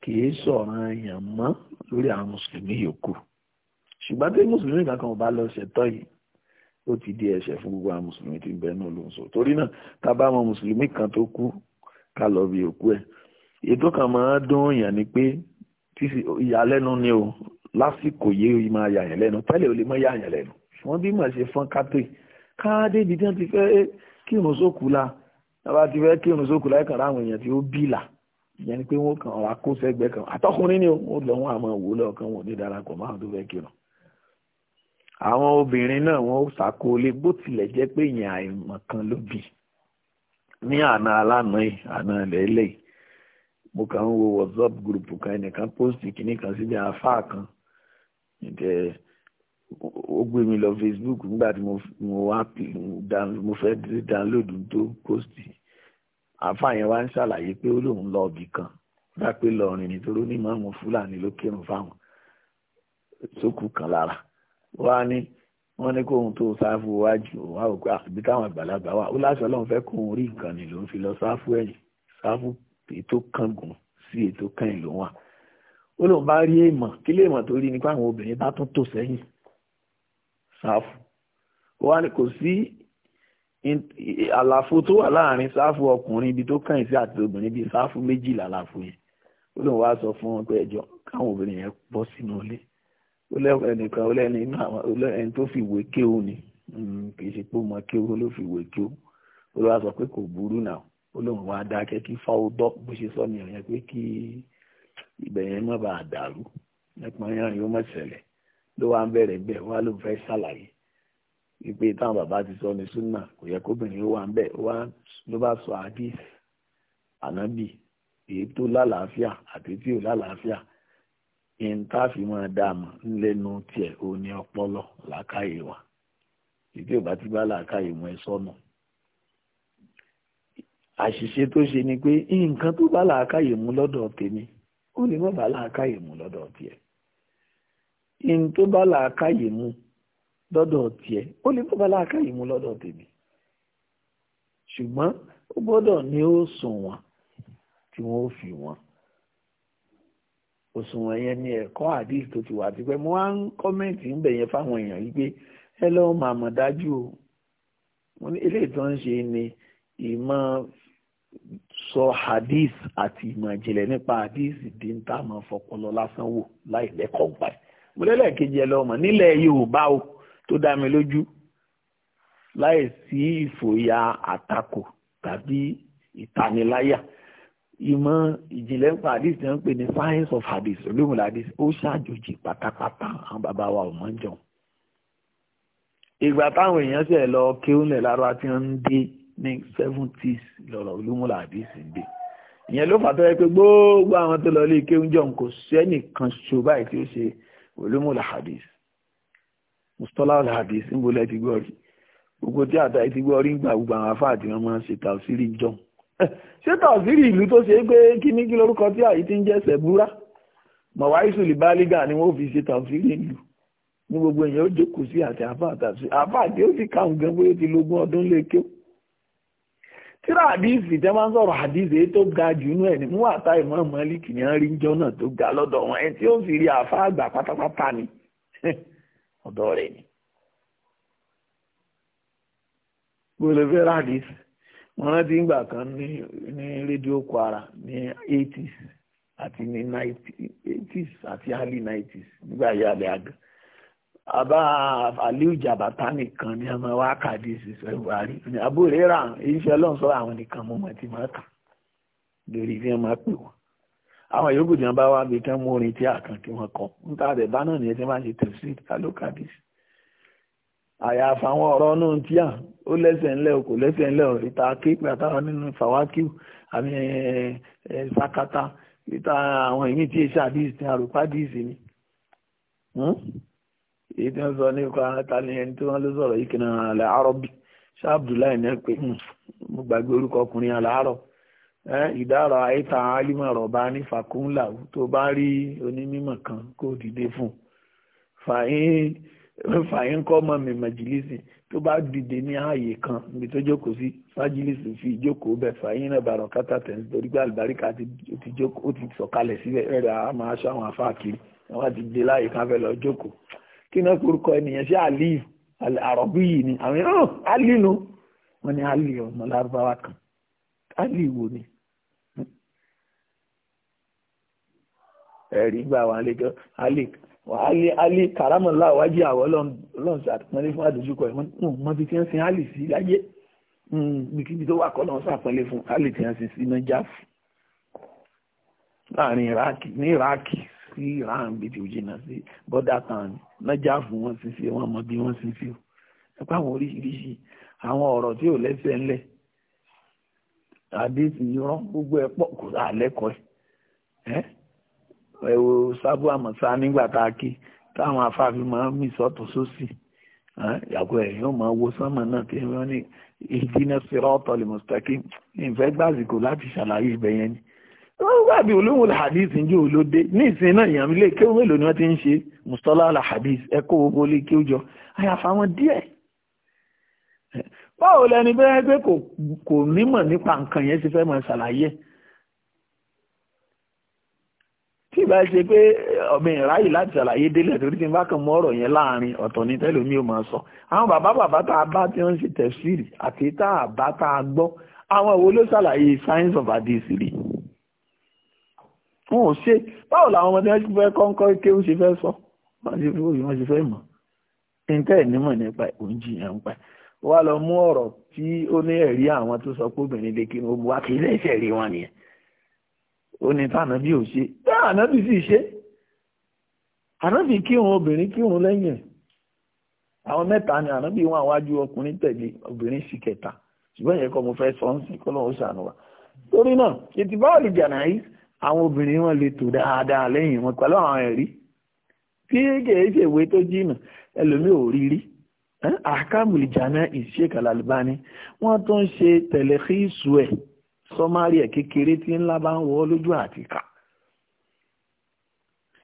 kì í sọ̀ràn èèyàn mọ́ lórí àwọn mùsùlùmí yòókù ṣùgbọ́n tí mùsùlùmí kankan ò bá lọ ṣẹ̀tọ́ yìí ó ti di ẹ̀ṣẹ̀ fún gbogbo àwọn mùsùlùmí tí ń bẹ náà ló ń sọ torí náà tá bá mọ mùsùlùmí kan tó kú ká lọ bí òkú ẹ̀ ètò kan máa dún èèyàn ni pé ìyàlẹ́nu ni o lásìkò yìí máa yà yàn lẹ́nu tẹ́lẹ̀ ò lè mọ́ yà yàn lẹ́nu wọ́n bí mà ṣe fọ́n kátó yìí ká débi tí wọ́n ti fẹ́ kírun sókù la tọ́ba ti fẹ́ kírun sókù láìkàn láwọn èèyàn tí ó bìlà ìyẹn ni pé wọ́n kàn wá kó sẹ́gbẹ́ kan àtọkùnrin ni ó lọ́wọ́ àwọn òwò lọ́ọ̀kan wọn ò ní darapọ̀ máa tó fẹ́ kírun. àwọn obìnrin náà wọn ó ṣàkólé bó tilẹ̀ jẹ́ pé ìyẹn àìmọ̀ kan ló bì ní àná alánà àná lẹ́lẹ́ mo kàn ń wo whatsapp group kan ẹnìkan post kìnnìkan síbi àáfàá kan ìdẹ́ẹ́ ó gbé mi lọ Facebook nígbà tí mo wá pè mo fẹ́ dánlódù tó pósìtì àáfàá yẹn wá ń ṣàlàyé pé ó lóun lọ ibì kan bá pé lọrin nítorí onímọ̀ àwọn Fúlàní ló kírun fáwọn sókù kan lára wá ní wọ́n ní kóhun tó sáfù wájú wá òkú àbí ah, táwọn àgbàlagbà wà ó láṣọ Ọlọ́run fẹ́ kóhun rí nǹkan ni ló ń fi lọ sáfù ẹ̀yìn sáfù ètò kángun sí ètò kẹ́yìn ló wà ó lóun bá rí èèmọ̀ kí lèèmọ̀ tó rí ni pé àwọn obìnrin bá tún tò sẹ́yìn sáfù ó wá ní kò sí àlàfo tó wà láàrin sáfù ọkùnrin ibi tó kàn sí àti obìnrin bíi sáfù méjìlá àlàfo yẹn ó lóun wá sọ fún wọn pé ẹjọ káwọn obìnrin yẹn bọ́ sínú ilé ó lẹ́wọ̀ ẹnìkan ó lẹ́ni inú àwọn ẹni tó fi ìwé kéwù ni hmm, kì í ṣe pé ó mọ kéwù ló fi ìwé kéwù ó lọ́wọ́ sọ pé kò burú náà ó lóun wá dákẹ́ kí fáwọ́dọ́ bó ṣe sọ nìyẹn pé kí ibẹ̀ yẹn má bàa dàrú ẹ̀pọ̀n yẹn yóò má ṣẹlẹ̀ ló wá ń bẹ̀rẹ̀ bẹ́ẹ̀ wọ́n á ló fẹ́ ṣàlàyé wípé táwọn bàbá ti sọ ní súnà kò yẹ kóbìnrin ó wà ń bẹ̀ ló bá sọ hadith ànábì èyí tó lálàáfíà àti tí ò lálàáfíà ìyẹn tá a fi máa dá a mọ̀ ńlẹ́nu tiẹ̀ ó ní ọpọlọ làákàyè wa títí ò bá ti bá làákàyè mọ́ ẹ sọ́nà àṣìṣe tó ṣe ni pé nǹkan tó bá làákàyè mú lọ́dọ̀ tèmi ó in tó bá làákàyè mu lọ́dọ̀ tiẹ̀ ó lè tó bá làákàyè mu lọ́dọ̀ tèmi ṣùgbọ́n ó gbọ́dọ̀ ní òṣùwọ̀n tí wọ́n fi wọ́n òṣùwọ̀n yẹn ni ẹ̀kọ́ àdìs tó ti wà àti pé mo wá ń kọ́mẹ́ǹtì ń bẹ̀yẹn fáwọn èèyàn yìí pé ẹ lọ́wọ́ máa mọ̀ dájú o mo ní eléyìí tó ń ṣe ni ìmọ̀ sọ hadith àti ìmọ̀ ìjìnlẹ̀ nípa hadith di ń tá a fọpọlọ lásán wò láì lẹ́kọ̀ọ́ gbà mo lẹ́lẹ̀ kejì ẹ lọ́mọ nílẹ̀ Yorùbá o tó dá mi lójú láì sí ìfòyà àtakò tàbí ìtaniláyà ìmọ̀ ìjìnlẹ̀ ń pa hadith náà ń pè ní science of hadith olóhùn hadith ó ṣàjòjì pátápátá àwọn bàbá wa ò mọ̀ ń jọun ìgbà táwọn èèyàn sì lọ kéúnlẹ̀ lárúbá tí wọ́n ń dé ní seventies lọ́rọ̀ olúmúlà àdìsí dé ìyẹn ló fà yẹ pé gbogbo àwọn tó lọ lé kéúnjọ kò sẹ́nìkan ṣo báyìí tí ó ṣe ulumul hadith mustalahul hadith ń bolẹ̀ ti gbọ́ rí gbogbo tí àtà ti gbọ́ rí ń gbà gbogbo àwọn afáà tí wọ́n máa se ṣe tàùsírì jọ ṣé tàùsírì ìlú tó ṣe é pé kí ní kí lórúkọ tí àyí ti ń jẹ́ sẹ̀búrà mọ̀wáìsù libáligà ni wọ́n fi ṣe tàùsírì ìlú ní gbogbo èèyàn ó jókòó sí àti àfáà tàùsírì àfáà tí ó sì káwọn gan bóyá ti lógún ọdún lé kéwòn tíra àdíìsì tẹ́ máa ń sọ̀rọ̀ àdíìsì èyí tó ga jù nú ẹ̀ ní mú àtà ìmọ̀ mọ́líkì ní rí jọ náà tó ga lọ́dọ̀ wọn ẹ tí ó sì rí àfa àgbà pátápátá ni ọ̀dọ̀ rẹ̀ ni. gbọ́dọ̀ fẹ́ ra àdíìsì mo rántí ìgbà kan ní ní rédíò Kwara ní 80s àti ní 90s àti early 90s nígbà yà àgbà àbá àlíù jàbàtà nìkan ni a máa wá kàdí ìṣiṣẹ́ buhari ní àbúrò rà iṣẹ́ ọlọ́run sọ àwọn nìkan mo mọ̀ tí máa kà lórí bí wọ́n máa pè wọ́n àwọn yòókù tí wọ́n bá wá bí kí wọ́n mú orin tí àkàn tí wọ́n kọ ń ta àdẹ̀ bá náà nìyẹn tí wọ́n máa ṣe tẹ̀sí ká ló kàdí sí. àyàfà àwọn ọ̀rọ̀ náà tí à ó lẹ́sẹ̀ ńlẹ̀ kò lẹ́sẹ̀ ńlẹ̀ ìta kéèpì àtàwọn nínú fàwákìw àmì sakata ìta àwọn ìmí tí èsì èyí tí wọ́n sọ nípa tani ẹni tí wọ́n ló sọ̀rọ̀ yìí kìnnà aláàárọ̀ bí ṣá abdullahi náà pé hmm. mo gbàgbé orúkọ ọkùnrin aláàárọ̀ ìdára àìta alímọ̀rọ̀ bá ní fàkúńlà tó bá rí onímọ̀ kan kó dìde fún fàyín kọ́ mọ́ mi màjìlísì tó bá dìde ní ààyè kan níbi tó jókòó sí fájìlísì fi ìjókòó bẹ̀ fàyín náà bàrọ̀ kátà tẹ̀sí torí pé àlùbáríkà ó ti sọ̀kalẹ̀ síbẹ̀ rẹ̀ a máa ṣọ́ kí náà kúrúkọ ènìyàn sí aliyu àrọ̀bí yìí ni àwọn èèyàn oh, aliyu nu wọn ni aliyu ọmọ lárúbáwá kan aliyu wo ni. ẹ̀rí gbà wà lẹ́jọ́ alì kàrámọ̀ láwájú àwọ̀ ọlọ́run ṣàtìmọ́lé fún àdójúkọ ẹ̀ mọ́ bí tí ń sin alì sí láyé hmm, bíkíbi tó wà kọ́ lọ́run ṣàpọ́nlé fún alì tí ń sin sí náà jáfù láàrin ní iraki sí iran bíi ti jìnnà sí bọ́dà kan nájà fún wọn sísè wọn mọ bí wọn sísè o nípa àwọn oríṣiríṣi àwọn ọ̀rọ̀ tí ò lẹ́sẹ̀ ńlẹ̀ àdéhùn ìran gbogbo ẹ̀ pọ̀ kò rà lẹ́kọ̀ọ́ ẹ̀ ẹ̀ wo sábú àmọ̀sá nígbà tá a kí táwọn afáfin máa ń mì sọ́tún sósì yàgò ẹ̀yìn ò máa wo sánmà náà tí wọ́n ní ìdínà sírọ́ọ̀tọ̀ lè mọ̀sítẹ́kì ìfẹ́ gbàsìkò láti ṣàlàyé ibẹ̀ yẹn ni wọ́n gbà bí olóhùn hadith ń jẹ́ olóde ní ìsìn náà ìyàmí lè kéwù mélòó ni wọ́n ti ń ṣe mustola ala hadith ẹ̀kọ́ gbogbo lè kéwù jọ àyàfà wọn díẹ̀. báwo lẹni bẹ́ẹ̀ pé kò nímọ̀ nípa nǹkan yẹn ti fẹ́ mọ̀ ṣàlàyé tí ìbá ṣe pé ọ̀gbìn eh, ìráyè láti ṣàlàyé délẹ̀ torí tí n bá kàn mọ́ ọ̀rọ̀ yẹn láàrin ọ̀tọ̀ ní tẹ́lómi ò máa sọ àwọn bàbá bàbá tá a bá tí wọ́n ṣe tẹ̀síìrì àti tá a bá tá a gbọ́ àwọn wo ló ṣàlàyé science of hadith rí wọn ò ṣe báwo làwọn ọmọdé wọn fẹ́ kọ́ńkọ́ ké ó ṣe fẹ́ sọ wọn ṣe fẹ́ òyìnbó ṣe fẹ́ mọ̀ nǹkan ẹ̀ nípa òǹjì yẹn ń pa wá lọ mú ọ̀rọ̀ tí ó ní ẹ̀rí àwọn tó sọ pé obìnrin lè kírun omi wá kì í lẹ́sẹ̀ rí wọn nìyẹn ó ní tànà bí ò ṣe tànà bí sì ṣe ànábì kírun obìnrin kírun lẹ́yìn ẹ̀ àwọn mẹ́ta ni ànábì wọn àwájú ọkùnrin tẹ̀lé obìnrin sì kẹta ṣùgbọ́n ìyẹn kọ́ mo fẹ́ sọ ń sìn kọ́ lóun ṣàánú wa torí náà ètùbáàlì jàǹdà yìí àwọn obìnrin wọn lè tò dáadáa lẹ́yìn wọn pẹ̀lú àwọn ẹ̀rí tí kìí ṣe ìwé tó jìnnà ẹlòmíì ò rí rí àkàmùlì jana ìṣèkà làlùbáni wọ́n tó ń ṣe tẹ̀lé xíìsù ẹ̀ sọmárì ẹ̀ kékeré tí ńlá bá ń wọ́ lójú àtìkà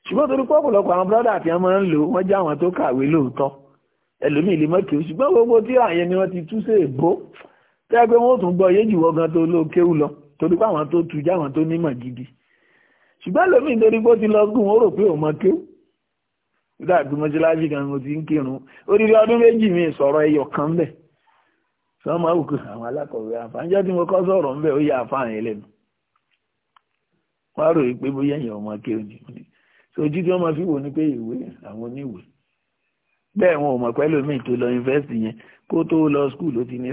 ṣùgbọ́n torí pọ́pọ̀lọpọ̀ àwọn bọ́dà àti ọmọ ń lò wọ́n jẹ́ àwọn tó kàwé lóòótọ́ ẹlòmíì ilé mọ́kì ṣùgbọ́n gbogbo tí àyẹn ni wọ́n ti tú sí èbó tẹ́ pé wọ́n tún gbọ́ yéjì wọ́gan tó ló lọ torí pé àwọn tó tu jáwọn tó nímọ̀ gidi ṣùgbọ́n lómi nítorí bó ti lọ gùn ó rò pé òun mọ kí ó dàbí mọ́ṣáláṣí kan mo ti ń kírun oríire ọdún méjì mi sọ̀rọ̀ ẹyọ kan bẹ̀ sọmọ òkú àwọn alákọ̀wé tí mo kọ́ sọ̀rọ̀ ń bẹ̀ ó yẹ lẹ́nu wọ́n rò pé bóyá ọmọ kí ó ní ojú tí wọ́n máa fi wò ni pé ìwé àwọn bẹ́ẹ̀ wọn ò mọ̀ pé ẹlòmíì tó lọ yunifásitì yẹn kó tó lọ skul ló ti ní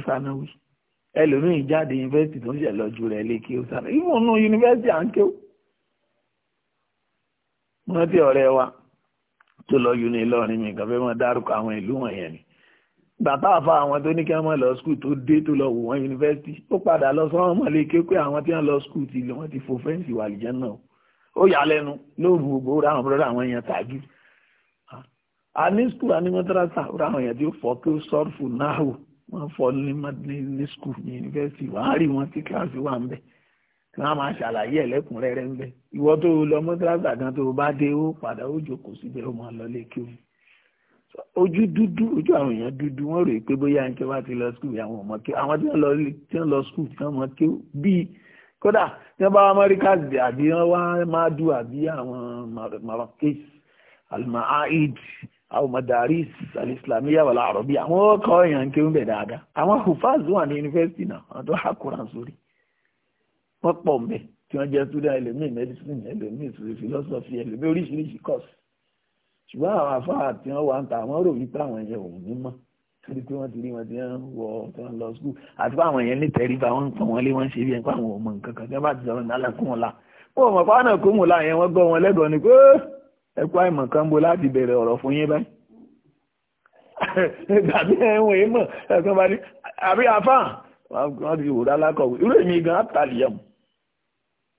ẹlòmíì jáde yunifásitì rántí ọ̀rẹ́ wa tó lọ yún ní Ìlọrin mi nǹkan fẹ́ mọ́ dárúkọ àwọn ìlú wọ̀nyẹn ni bàbá àfa àwọn tó ní kí wọ́n lọ skul tó dé tó lọ wò wọ́n yunifásitì ó padà lọ sọ́wọ́n mọ̀lé kékeré àwọn tí wọ́n lọ skul ti wọ́n ti fò fẹ́ǹsì wà lìjẹ́ náà ó yà lẹ́nu lóòrùn gbogbo ó ráwọn bọ́dọ̀ àwọn èèyàn tàgí a ní skul a ní mọ́tàràtà ó ráwọn èèyàn tí ó fọ́ kí ó sọ́ọ̀fù náà wọ́n fọ́ ní skul ní yunifásitì wàá rí wọn tí kíláàsì wà ń bẹ́ẹ̀ tí wọ́n máa ṣàlàyé ẹ̀lẹ́kùnrẹ́rẹ́ ńbẹ ìwọ tó lọ mọ́tíráṣà kan tó bá dé ó padà ó jókòó síbẹ̀ ó máa lọ lékè omi ojú dúdú ojú àwọn èèyàn dúdú wọ́n rò pé bóyá ẹni tí wọ́n ti lọ skul àwọn ọmọ kí àwọn tí wọ́n lọ skul tí wọ́n mọ kí bíi kódà tí wọ́n bá wá Americas àbí wọ́n wá madu àbí àwọn marrakech almaid àwọn madaris alislamiya wàlá àròbí àwọn ọkọ èèyàn kí wọ́n bẹ̀ dáadáa àwọn hufaz wà ní yunifásitì náà àwọn tó há Kùránì sórí wọ́n pọ̀ mbẹ̀ tí wọ́n jẹ́ student ẹlòmíì medicine ẹlòmíì philosophy ẹlòmíì oríṣiríṣi course ṣùgbọ́n àwọn afáà tí wọ́n wà ń ta àwọn ròyìn táwọn ẹ̀yẹ òun ní mọ́ torí pé wọ́n ti rí wọn ti ń wọ tí wọ́n lọ skul àti pé àwọn ẹ̀yẹ ní tẹríba wọ́n ń pọ̀ wọ́n lé wọ́n ń ṣe bí ẹni pé àwọn ọmọ nǹkan kan tí wọ́n bá ti sọ̀rọ̀ nílẹ̀ kún wọn la wọn ò mọ̀ pàánà kún wọn la yẹn wọ́n gbọ́ wọn lẹ́gọ̀ọ́ ni pé ẹ kú àìmọ̀ kan bo láti bẹ̀rẹ̀ ọ̀rọ̀ fún yín báyìí tàbí ẹ̀wọ̀n èèmọ̀ ẹ̀kan bá ní àbí afáà wọ́n ti wò rálá kọ̀wé irú èmi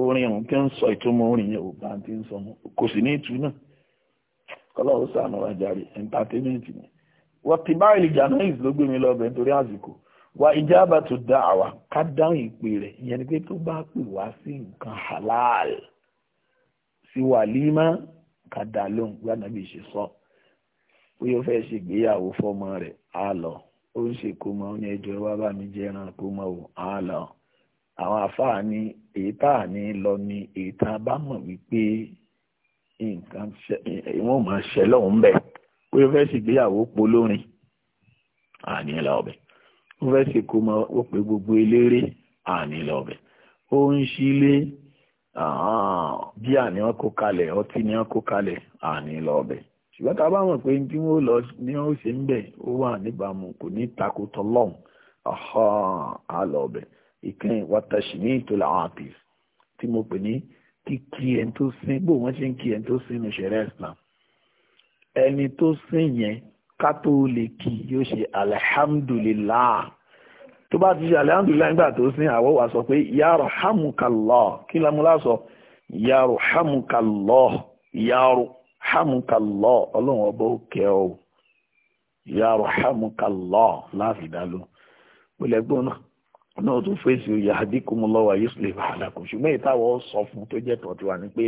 orin ọ̀hún tí ń sọ ìtumọ̀ orin yẹn ò bá ti ń sọ mọ́ kò sì ní ìtú náà kọ́lá ó sànù àjàre entertainment ni wọ́n ti bá ìlìjà náà ìlú ló gbé mi lọ́bẹ̀ nítorí àsìkò wa ìjábà tó dá àwa ká dáhùn ìpè rẹ̀ ìyẹn ni pé tó bá pè wá sí nǹkan halal sí wàlímà ká dá lóhùn gbá nàbí ṣe sọ ó fẹ́ ṣe ìgbéyàwó fọ́mọ rẹ̀ á lọ ó ń ṣe kó mọ ó ní bá mi jẹ́ ẹran kó mọ ò á lọ. àwọn afáà ni èyí tá à lọ ní èyí tá a bá mọ̀ wípé nǹkan wọ́n máa lọ́hùn bẹ́ẹ̀ fẹ́ ṣègbéyàwó polórin àní lọ bẹ́ẹ̀ fẹ́ gbogbo eléré àní lọ bẹ́ẹ̀ ṣílé bí àní ọtí ni wọn kó kalẹ̀ àní mọ̀ pé lọ ṣe ń bẹ̀ ó wà níbàámu kò ní takò tọ́lọ́hùn ìkan ìwà tàṣìmí ìtòlà àwọn àtìf tí mo pè ní kíkí ẹni tó sin bó wọ́n ṣe ń kí ẹni tó sin ní ṣẹ̀rẹ́ Islam ẹni tó sin yẹn ká tó lè kí yóò ṣe alhamdulillah tó bá ti ṣe alhamdulillah nígbà tó sin àwọ̀ wà sọ pé yarhamukallah kí lamúlá sọ yarhamukallah yarhamukallah ọlọ́run ọba ó kẹ́ ọ yarhamukallah láàfin dáló pẹ̀lẹ́gbọ́n náà náà tó fèsì òyà àdínkùmọ́lọ́wà yusuf lè bá àlàkùn ṣùgbọ́n ìtawọ́ sọ fún tó jẹ́ tọ́ tiwa ni pé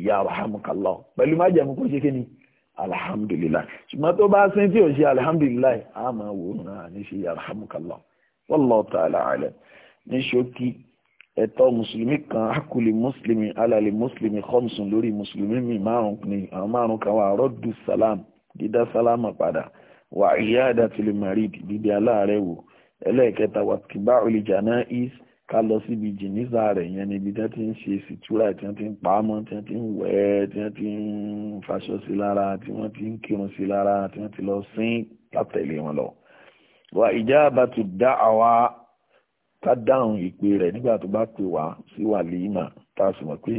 ìyá alhamdulilah pẹ̀lú májẹ̀mú kó ṣe kí ni alhamdulilah ṣùgbọ́n tó bá sín tí ò ṣe alhamdulilah a máa wò ó náà ní ṣe alhamdulilah wallahu ta'ala alam ní ṣókí ẹ̀tọ́ mùsùlùmí kan akuli mùsùlùmí alali mùsùlùmí khamsun lórí mùsùlùmí mi márùn ni àwọn ẹlẹ́ẹ̀kẹta wàtíbá olùjànà is ká lọ síbi jìnnìza rẹ̀ yẹn níbi tí wọ́n ti ń ṣe sìtúrà tí wọ́n ti ń pa á mọ́ tí wọ́n ti ń wẹ̀ ẹ́ tí wọ́n ti ń faṣọ sí lára tí wọ́n ti ń kírun sí lára tí wọ́n ti lọ sín látẹ̀lé wọn lọ. wà ìjà àbátú dá àwa ká dáhùn ìpè rẹ̀ nígbà tó bá pè wá sí wàlíìmà tá a sì mọ̀ pé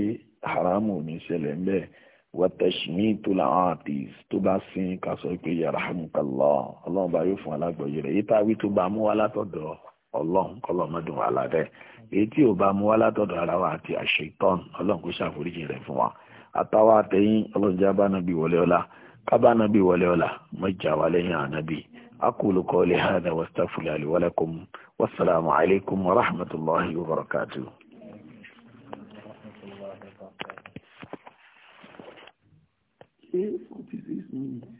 haramu ò ní ṣẹlẹ̀ ń wọ́tẹ̀ṣìmí tó làwọn àtìs tó bá sin ká sọ pé yarhamukallah ọlọ́run bá yóò fún alágbọ̀yé rẹ̀ yìí táwí tó bá mú wá látọ̀dọ̀ ọlọ́run kọlọ́mọdún wà ládẹ́ èyí tí ò bá mú wá látọ̀dọ̀ ara wa àti àṣetán ọlọ́run kó ṣàforíjì rẹ̀ fún wa àtàwọn àtẹ̀yìn ọlọ́run já bá wọlé ọlá kábà wọlé ọlá mọ́jà wà lẹ́yìn ànábì أقول قولي هذا واستغفر لي ولكم والسلام عليكم ورحمة الله وبركاته say 46 minutes.